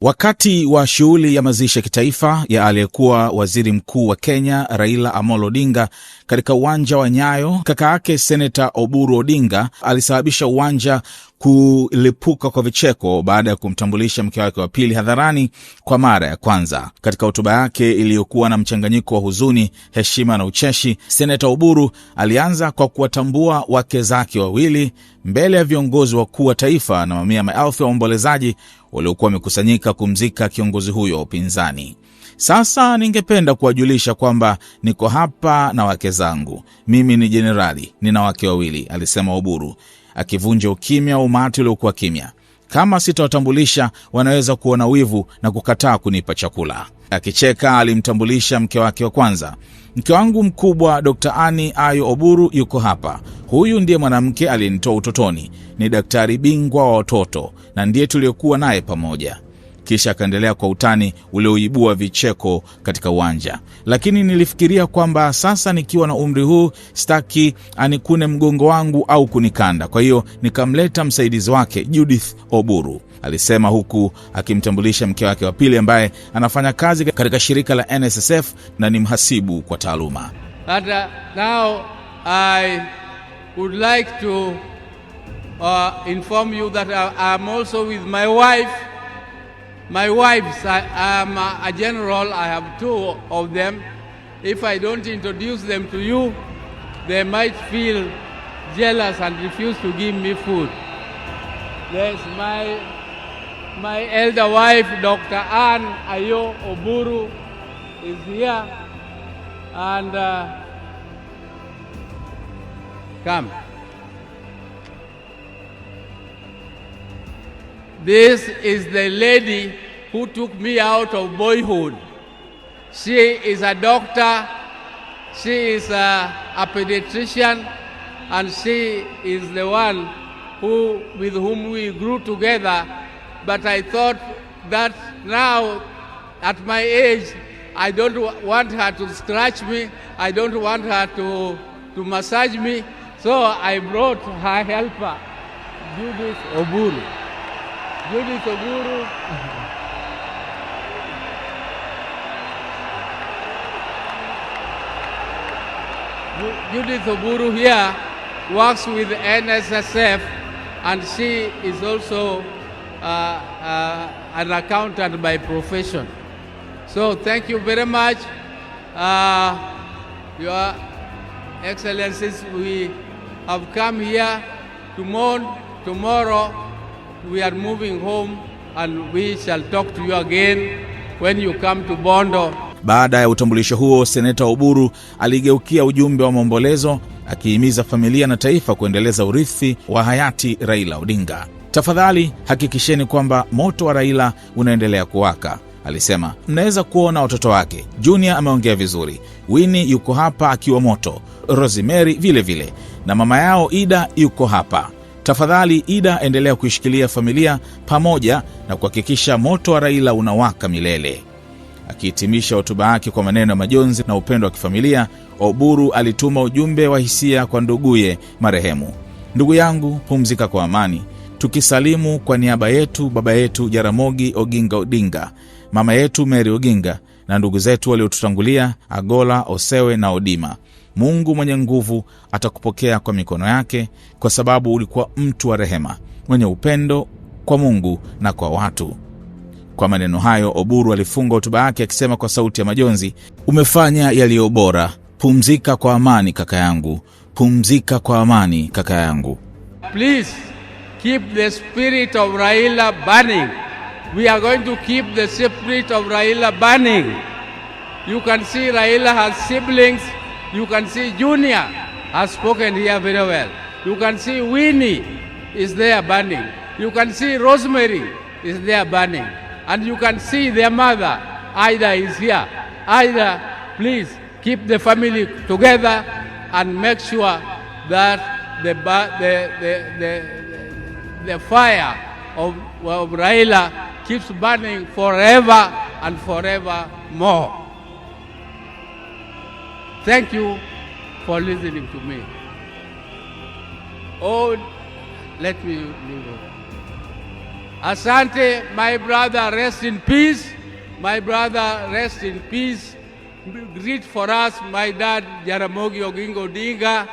Wakati wa shughuli ya mazishi ya kitaifa ya aliyekuwa waziri mkuu wa Kenya Raila Amolo Odinga katika uwanja wa Nyayo, kaka yake Seneta Oburu Odinga alisababisha uwanja kulipuka kwa vicheko baada ya kumtambulisha mke wake wa pili hadharani kwa mara ya kwanza. Katika hotuba yake iliyokuwa na mchanganyiko wa huzuni, heshima na ucheshi, Seneta uburu alianza kwa kuwatambua wake zake wawili mbele ya viongozi wakuu wa taifa na mamia maelfu ya waombolezaji waliokuwa wamekusanyika kumzika kiongozi huyo wa upinzani. Sasa ningependa kuwajulisha kwamba niko hapa na wake zangu. Mimi ni jenerali, nina wake wawili, alisema uburu akivunja ukimya wa umati uliokuwa kimya. Kama sitawatambulisha wanaweza kuona wivu na kukataa kunipa chakula. Akicheka alimtambulisha mke wake wa kwanza. Mke wangu mkubwa Dr. ani Ayo Oburu yuko hapa. Huyu ndiye mwanamke aliyenitoa utotoni, ni daktari bingwa wa watoto na ndiye tuliokuwa naye pamoja kisha akaendelea kwa utani ulioibua vicheko katika uwanja. Lakini nilifikiria kwamba sasa nikiwa na umri huu staki anikune mgongo wangu au kunikanda, kwa hiyo nikamleta msaidizi wake Judith Oburu, alisema huku akimtambulisha mke wake wa pili ambaye anafanya kazi katika shirika la NSSF na ni mhasibu kwa taaluma. Uh, now I would like to uh, inform you that uh, I am also with my wife My wives, I am a general, I have two of them. If I don't introduce them to you, they might feel jealous and refuse to give me food. There's my, my elder wife, Dr. Ann Ayo Oburu, is here. And uh, come. This is the lady who took me out of boyhood. She is a doctor, she is a, a pediatrician, and she is the one who, with whom we grew together. But I thought that now, at my age, I don't want her to scratch me. I don't want her to, to massage me. So I brought her helper, Judith Oburu. Willy Seguro. Judith Oburu here works with NSSF and she is also uh, uh, an accountant by profession. So thank you very much. Uh, Your Excellencies, we have come here tomorrow, tomorrow we are moving home and we shall talk to you again when you come to Bondo. Baada ya utambulisho huo, seneta Oburu aligeukia ujumbe wa maombolezo akihimiza familia na taifa kuendeleza urithi wa hayati Raila Odinga. Tafadhali hakikisheni kwamba moto wa Raila unaendelea kuwaka, alisema. Mnaweza kuona watoto wake. Junior ameongea vizuri, wini yuko hapa akiwa moto, Rosemary vilevile vile, na mama yao Ida yuko hapa. Tafadhali Ida, endelea kuishikilia familia pamoja na kuhakikisha moto wa Raila unawaka milele. Akihitimisha hotuba yake kwa maneno ya majonzi na upendo wa kifamilia, Oburu alituma ujumbe wa hisia kwa nduguye marehemu: ndugu yangu, pumzika kwa amani, tukisalimu kwa niaba yetu baba yetu Jaramogi Oginga Odinga, mama yetu Mary Oginga na ndugu zetu waliotutangulia Agola, Osewe na Odima. Mungu mwenye nguvu atakupokea kwa mikono yake, kwa sababu ulikuwa mtu wa rehema, mwenye upendo kwa Mungu na kwa watu. Kwa maneno hayo, Oburu alifunga hotuba yake akisema kwa sauti ya majonzi, umefanya yaliyo bora, pumzika kwa amani kaka yangu, pumzika kwa amani kaka yangu. Please keep the spirit of Raila burning. We are going to keep the spirit of Raila burning. You can see Raila has siblings You can see Junior has spoken here very well. You can see Winnie is there burning. You can see Rosemary is there burning. And you can see their mother, Ida, is here. Ida, please keep the family together and make sure that the, the, the, the, the fire of, of Raila keeps burning forever and forever more. Thank you for listening to me. Oh, let me leave Asante, my brother, rest in peace. My brother, rest in peace. Greet for us, my dad, Jaramogi Ogingo Dinga.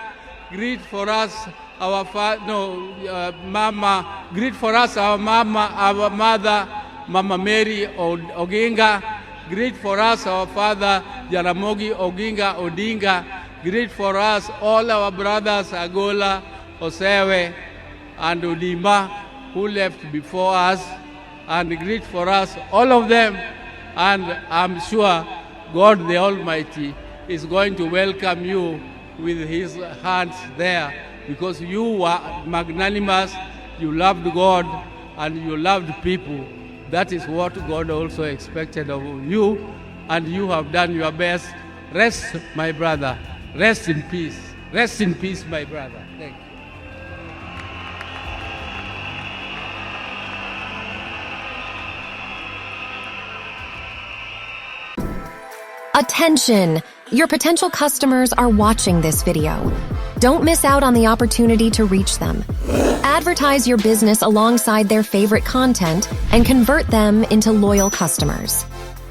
Greet for us, our father, no, uh, mama. Greet for us, our mama, our mother, Mama Mary Oginga. Greet for us, our father, Jaramogi Oginga Odinga great for us, all our brothers Agola, Osewe, and Odimba who left before us, and great for us, all of them. And I'm sure God the Almighty is going to welcome you with his hands there because you were magnanimous, you loved God, and you loved people. That is what God also expected of you and you have done your best. Rest, my brother. Rest in peace. Rest in peace, my brother. Thank you. Attention! Your potential customers are watching this video. Don't miss out on the opportunity to reach them. Advertise your business alongside their favorite content and convert them into loyal customers.